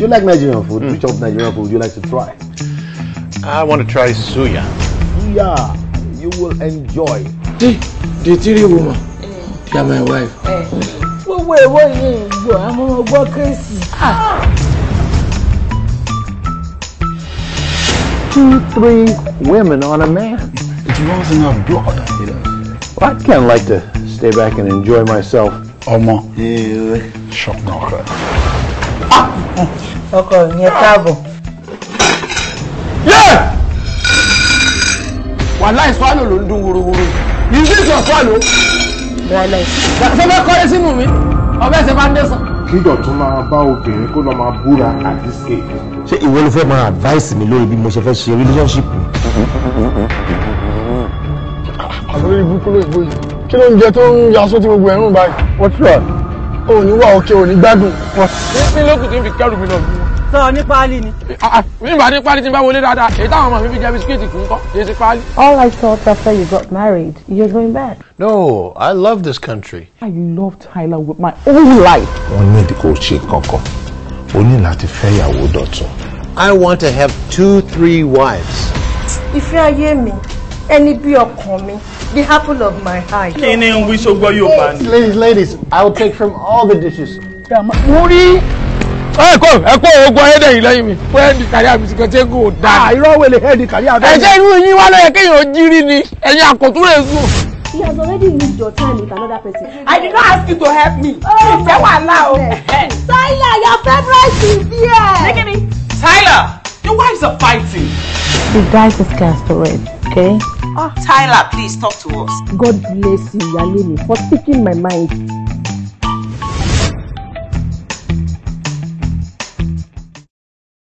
You like Nigerian food? Mm. Which of Nigerian food would you like to try? I want to try suya. Suya, you will enjoy. The, the three woman, Yeah, are my wife. Wait, wait, wait, wait, I'm gonna go crazy. Ah. Two, three women on a man. It was enough blood. You know. Well, i kind of like to stay back and enjoy myself. Omo. Yeah. Shock knocker. ọkọ mi ẹ káàbọ̀. yé wàláì swallow ló ń dún wuruwuru yìí sí sọ swallow. wàláì. sọfẹ kọrí sínú mi ọbẹ ṣe máa ń dé sàn. kíjọ tún máa bá obìnrin kó lọ máa búra àti skéèkì. ṣé ìwọ ló fẹ́ máa advice mi lórí bí mo ṣe fẹ́ ṣe relationship mi. àbúrò ibùkún ló ń gbóyè kí ló ń jẹ tó ń yasọ tí gbogbo ẹ̀rùn báyìí. what's wrong o ò wà òkè ò ní gbádùn. ní lókùn tí n fi kẹrù mi lọ bí sọ ní páálí ni. Ah, ah, mi bá ní páálí tí n bá wọlé dáadáa èyí táwọn ọmọ mi fi jẹ bisikíìtì kì í kọ́ èyí sí páálí. all I thought after you got married you're going back. no I love this country. I love Thailand with my whole life. wọ́n ní kò ṣe kankan o ní láti fẹ́yàwó dọ̀tun. I want to have two three wives. ìfẹ́ ayé mi ẹni bí ọkàn mi the apple of my eye. kí ni n wí sọgbọ́ yóò bá ní. ladies ladies i will take from all the dishes. mo rí. ẹ kó ẹ kó ogun ayédè yìí lẹ́yìn mi fún ẹ̀ẹ́dì kárí àbísí kan tí kò dáa. Ah, à irọ́ wele ẹ̀ẹ́dì kárí àbẹ́rẹ́. ẹ̀jẹ̀ irú yín wá lọ́yẹ̀ kéèyàn ó jírí ni ẹ̀yin àkọ́túrẹ̀ sùn. He has already used your time with another person. I did not ask you to help me. Ìfẹ́ wà lá o. Tyler, your favorite is here. Take Nikini. Tyler, your wives are fighting. The guys is cast already, okay? Tyler, please talk to us. God bless you, Yalini, for speaking my mind.